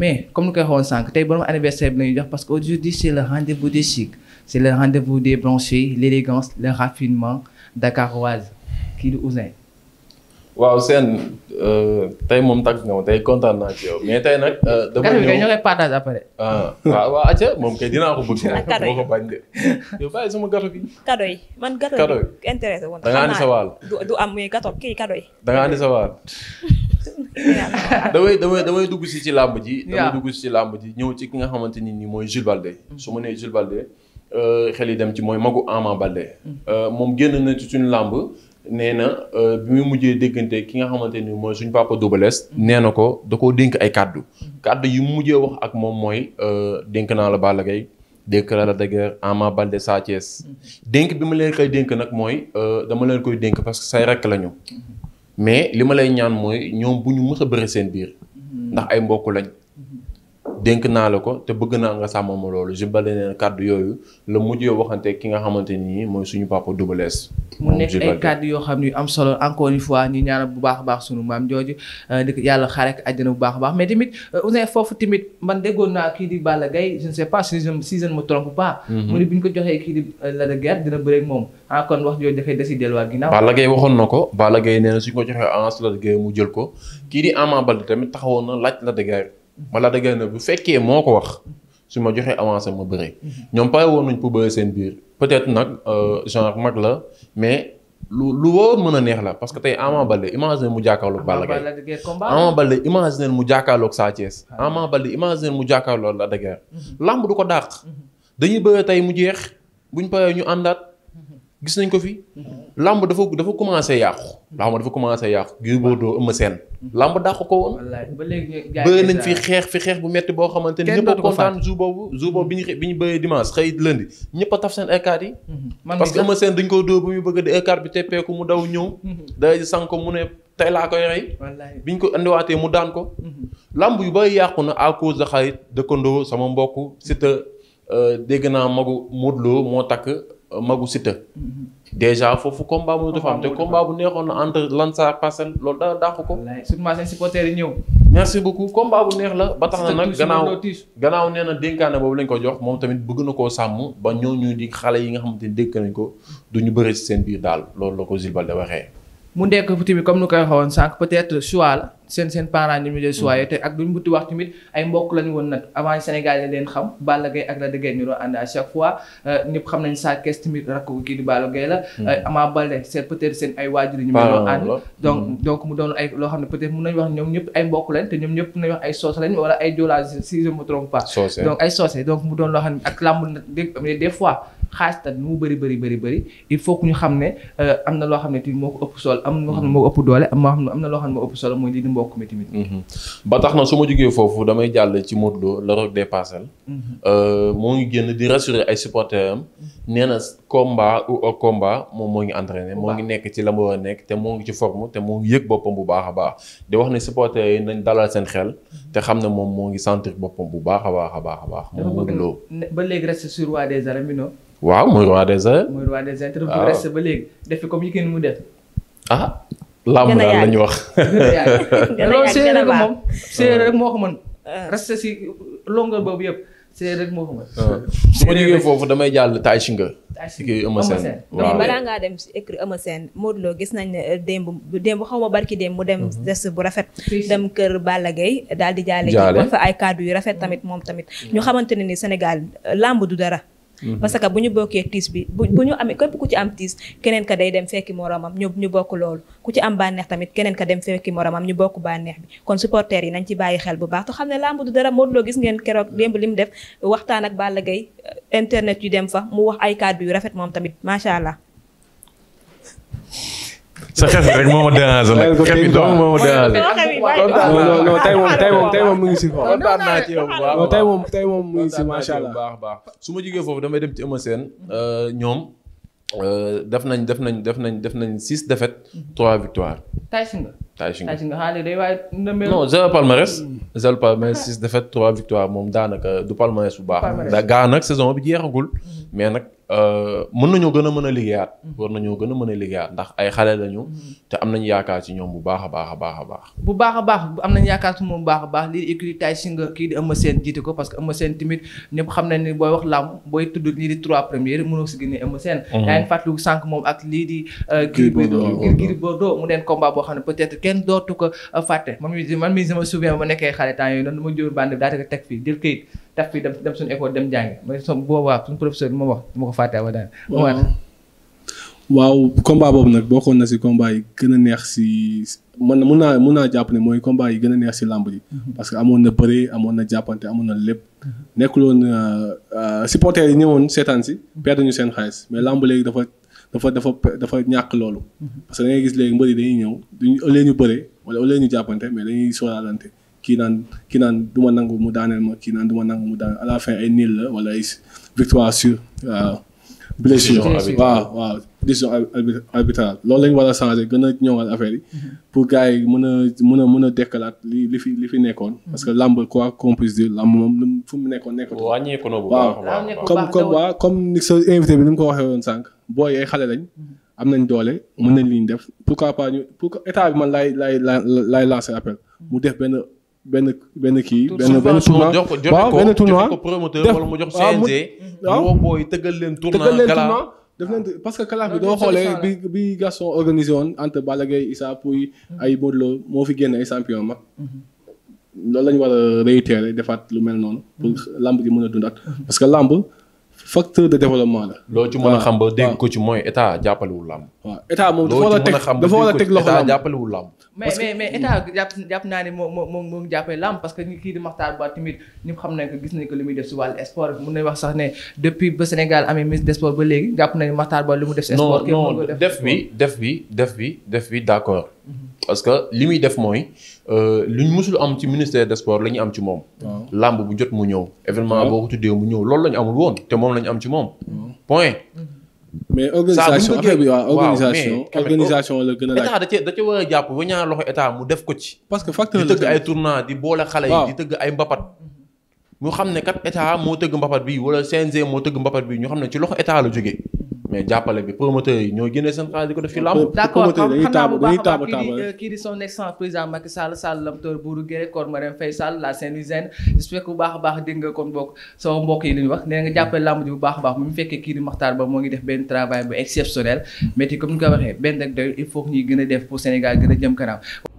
mais comme ni koy waxoon sànq tey borom anniversaire bi nañu jox parce que aujourd'hui c'est le rendez-vous des chics c'est le rendez-vous des l'élégance le raffinement dakaroise kii di Ouzin waw seen euh, tey moom tàgg nga ma tey kontaan naa ci yow mais tey nag. Euh, dama ñëw kay ñoo koy partage après. ah gato gi. kado man gato yi. intéressé woon da nga andi sa waal. du am mais gato kii kado yi. andi sa waal. damay damay damay dugg si ci làmb ji. damay dugg si ci làmb ji ñëw ci ki nga xamante ni nii mooy Jules Baldé. Mm-hmm. su ma nee Jules euh, xel yi dem ci mooy magu Ama Baldé. Mm-hmm. Euh, moom génn na ci suñu làmb nee na euh, bi muy mujjee déggante ki nga xamante ni mooy suñu papa Double Less. Mm-hmm. nee na ko da koo dénk ay kàddu. kàddu yu mu mujjee wax ak moom mooy dénk naa la Balla Gaye dénk la la dëgër Ama Baldé Sa Thiès dénk bi ma leen koy dénk nag mooy dama leen koy dénk parce que say rekk lañu mais li ma lay ñaan mooy ñoom bu ñu mës a bëre seen biir. ndax ay mbokk lañ. dénk naa la ko te bëgg naa nga sàmm ma loolu Jules neen kàddu yooyu la mujjee waxante ki nga xamante ni mooy suñu papa Double Less. mu nekk ay kàddu yoo xam ne am solo encore yi fois ñu ñaanal bu baax a baax sunu maam jooju euh, di ko yàlla xaaree ak bu baax a baax mais tamit euh, Ouzin foofu tamit man déggoon naa kii di Balla Gaye je ne sais pas si je si pas. Mm-hmm. mu ne bu ñu ko joxee kii di euh, la de guerre dina bëre moom ah wax jooju dafay des delluwaat ginnaaw. Balla Gaye waxoon na ko Balla Gaye nee na suñ ko joxee avance la de guerre mu jël ko kii di Ama Baldé tamit taxawoon na laaj la de guerre ma Lac de Guiers bu fekkee moo ko wax su ma joxee avancé ma bëree. Mhm. ñoom pare woon nañ pour bëri seen biir peut nag euh, genre mag la mais lu lu woo mën a neex la parce que tey Ama Baldé imaginer mu jàkkaarloog Balla Gaye Ama Baldé imaginer mu jàkkaarloog Sa Thiès ah Ama Baldé imaginer mu jàkkaarloog mhm. du ko dàq mhm. dañuy bëre tey mu jeex buñ paree ñu àndaat gis nañ ko fi. làmb dafa dafa commencé yàqu. làmb dafa commencé yàqu. Gris Bordeaux Eumeu Sène. làmb dàq ko woon. ba léegi nañ fi xeex fi xeex bu metti boo xamante ni ñëpp a kontaan jour boobu jour boobu bi ñu bi ñu bëree dimanche xëy lundi ñëpp a taf seen écart yi. Mhm. parce que Eumeu Sène dañ ko dóor bu muy bëgg di écart bi teppeeku mu daw ñëw. Mhm. day sànq ko mu ne tey laa koy rey. bi ñu ko andiwaatee mu daan ko. Mhm. làmb yu bari yàqu na à cause de xarit dëkkandoo sama mbokk. c'est que euh, dégg naa magu Modou Lo moo takk Euh, magu Siteu mm-hmm. déjà foofu combat mu dafa am te combat bu neexoon na entre Lansar Parcelles loolu da dàqu ko. surtout seen supporters yi ñëw. merci beaucoup combat bu neex la. ba tax na nag gannaaw gannaaw nee na dénkaane boobu lañ ko jox moom tamit bëgg na koo sàmm ba ñooñu di xale yi nga xamante ni dénk nañ ko du ñu bëri si seen biir daal loolu loo ko Jules Baldé waxee. mu nekk tamit comme nu koy waxee woon sànq peut-être choix la seen seen parents ñu mujjee choix mm. te ak duñ buti wax tamit ay mbokk lañu woon nag avant Sénégal leen xam Balla Gaye ak Lac euh, nañ Sa Thiès tamit rakk kii di la. Mm. Euh, Ama ay waajur ñu. doon ànd mm. donc mu doon loo xam ne peut-être mun nañu wax ñoom ñëpp ay mbokk lañ te ñoom ñëpp mun nañu wax ay soose lañ wala ay joolaa si je me trompe donc ay soose donc mu doon loo xam ne ak làmb des fois. xaalis tam mu bëri bëri bëri bëri il faut que ñu xam ne euh, am na loo xam ne tamit moo ko ëpp solo am na loo xam ne moo ko ëpp doole am na loo xam ne moo ëpp solo mooy lii di mbokk mi tamit. Mhm. ba tax na su ma jógee foofu damay jàll ci Modou Lo la Roc des Parcelles. Mhm. Euh, moo ngi génn di rassurer ay supporters am. Mhm. nee na combat ou combat moom moo ngi entraîné. moo ngi nekk ci la mu war a nekk te moo ngi ci forme te moo ngi yëg boppam bu baax a baax di wax ne supporters yi nañ dalal seen xel. te xam ne moom moo ngi sentir boppam bu baax a baax a baax a baax. moom Modou Lo ba léegi reste sur roi des arènes waaw mooy roi des arènes. mooy roi des arènes waaw te ba léegi def comme yi kenn mu def. ah. lamb daal la ñu wax. loolu séeréer rek moom ah. séeréer rek moo ko mën. si longueur boobu yëpp séeréer rek moo ko mën. su ah. foofu damay jàll Taïsinga. Taïsinga kii Eumeu Sène waaw balaa ngaa dem si écrit Eumeu Sène gis nañ ne euh, démb démb xaw ma barki démb mu dem mhm. des bu rafet. dem kër Balla Gaye daal di jaale. jaale fa ay kàddu yu rafet tamit moom tamit. Mhm. ñu xamante ne ni Sénégal euh, làmb du dara. Mhm. parce que bu ñu bokkee tiis bi bu bu ñu amee képp ku ci am tiis keneen ka day dem fekki moromam ñu bokk loolu ku ci am bànneex tamit keneen ka dem fekki moromam ñu bokk bànneex bi kon supporters yi nañ ci bàyyi xel bu baax te xam ne làmb du dara Modou Lo gis ngeen keroog démb li mu def waxtaan ak Balla Gaye internet yu dem fa mu wax ay kàddu yu rafet moom tamit macha allah sa xef rek moo ma déranger nag xef bi dong moom tey moom tey moom mu ngi si foofu. kontaan naa ci yow bu baax moom tey moom mu ngi si macha baax baax. su ma jugee foofu damay dem ci Eumeu Sène euh, ñoom euh, def nañ def nañ def nañ def nañ six défaites trois victoires. taysi nga. taysi nga taysi nga xaaral day waaye. non zéro palmarès. zéro palmarès six défaites trois victoires moom daanaka du palmarès bu baax. palmarès gaa nag saison bi jeexagul mm-hmm. mais nag. Euh, mën nañoo gën a mën a liggéeyaat. Mm-hmm. war nañoo gën a mën a liggéeyaat ndax ay xale lañu. Mm-hmm. te am nañu yaakaar ci ñoom bu baax a baax a baax a bu baax a baax am nañu yaakaar ci moom bu baax a baax lii di écurie Tay Shinger kii di Eumeu Sène jiite ko que Eumeu Sène tamit ñëpp xam nañ ne booy wax làmb booy tudd lii di trois premières mënoo si génne Eumeu Sène. Mm-hmm. moom ak lii di. Euh, Gris Bordeaux mu neen combat boo xam ne peut être kenn dootu ko euh, fàtte. man mii man mii sama souvenir ma nekkee xale temps yooyu noonu ma jóor bande bi daa teg fii jël këyit daf fi dem dem suñu école dem jàngi mais bu boobaa suñu professeur bi ma wax ma ko fàtte awa daal. waaw combat boobu nag bokkoon na si combat yi gën a neex si man mun naa mun naa jàpp ne mooy combat yi gën a neex si làmb yi. Mhm. parce que amoon na bëre amoon na jàppante amoon na lépp. Mhm. nekkuloon euh, euh, supporters yi ñëwoon seetaan si. Mhm. per ñu seen xaalis mais làmb léegi dafa dafa dafa dafa ñàkk loolu. parce que da ngay gis léegi mbëri dañuy ñëw duñu ëllëgee ñu bëre wala ëllëgee ñu jàppante mais dañuy sóoraalante. kii naan kii naan du ma nangu mu daaneel ma kii naan du ma nangu mu daaneel à la fin ay nil la wala ay victoire sur euh, blessure waaw waaw décision arbitrale loolu lañ war a changer gën a ñëwal affaire yi mhm. pour gars yi mën a mën a mën a dekkalaat li li fi li fi nekkoon mhm. parce que làmb quoi qu'on puisse dire làmb moom fu mu nekkoon nekkatu waaw comme comme waaw comme ni sa invité bi ni mu ko waxee woon sànq booy ay xale lañ mhm. am nañ doole mën nañ liñ def pourquoi pas ñu pour état bi man laay laay laay lancé appel mu def benn benn benn kii. benn benn tournoi jox ko jox ko promoteur mu jox CNG. waaw booy tëggal leen tournoi gala def leen parce que kalaaf bi ah, doo xoolee bi bi Gaston organisé woon entre Balla Gaye mhm. ay Modou moo fi génn ay champion mag mhm. loolu la war a réitérer defaat lu mel noonu. pour mhm. lamb gi mën a dundaat parce que lamb. facteur de développement la. loo ci mën a xam ba dégg ko ci mooy état jàppalewul làmb. waaw moom dafa war a teg loxo làmb mais mais état jàpp jàpp naa ne moo moom moo ngi jàppale làmb parce que kii di Makhtar Ba tamit ñëpp xam nañ ko gis nañ ko li muy def si wàllu sport mun nañ wax sax ne depuis ba Sénégal amee ministre des ba léegi jàpp nañ Makhtar Ba li mu def si sport. non non def bi def bi def bi def bi d'accord. parce que li muy def mooy euh, lu ñu musul am ci ministère des sports la ñu am ci moom. làmb bu jot mu ñëw. événement boo ko mu ñëw loolu la ñu amul woon te moom la am ci moom. point. mais organisation affaire bi waaw organisation organisation gën a laaj. état da cee war a jàpp ba ñaar loxo état mu def ko ci. parce que facteur la di tëgg ay tournoi di boole xale yi. di tëgg ay mbapat. ñu xam ne kat état moo tëgg mbapat bi wala CNG moo tëgg mbapat bi ñu xam ne ci loxo état la jóge mais jàppale bi promoteur yi ñoo génnee seen xaalis di ko def fi lamb. d'accord xam naa bu baax a baax kii di la Saint-Louisienne j'espère que bu baax baax dégg nga kon bokk sama mbokk yi li wax nee nga jàppale lamb ji bu baax baax bu mu fekkee kii di Makhtar Ba moo ngi def benn travail bu exceptionnel mais comme ni ko waxee benn rek doyul il faut que gën a def pour Sénégal gën a jëm kanam